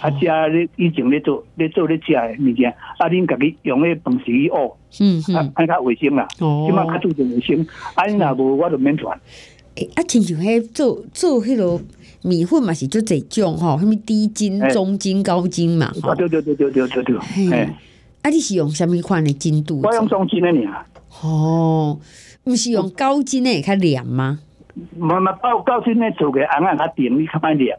啊，家咧，以前咧做，咧做咧家物件啊，恁家己用迄個盤自己熬，嗯嗯，阿較衛生啦，即碼較注重衛生。啊，恁若無，我就免傳。誒、欸，啊，親像迄做做迄落麵粉嘛，是做儕種吼，啥物低筋、中筋、欸、高筋嘛、啊啊。對對對對對對對。誒、欸，啊，你是用啥物款的筋度？我用中筋的呢。吼、哦，毋是用高筋呢？較黏嗎？唔唔，高高筋呢做嘅，按按較甜，你較慢點。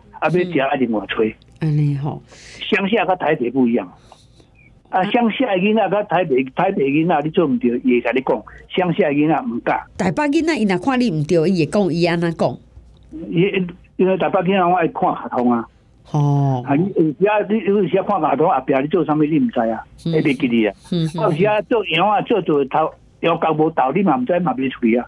啊！要食啊，另外揣，安尼好。鄉、嗯嗯、下甲台北不一樣。啊、鄉、啊、下囡仔甲台北台北囡仔，你做唔着，伊會甲你講。鄉下囡仔唔得。台北囡仔伊那看你唔着，伊也講伊安那講。也因，因為台北囡仔我愛看合同啊哦。哦。啊！有時啊，你有時啊看合同啊，後壁你、嗯會會嗯嗯嗯嗯嗯、做啥物你唔知啊，會袂記你啊。有時啊做羊啊做做頭又搞無到，你嘛唔知嘛邊處啊。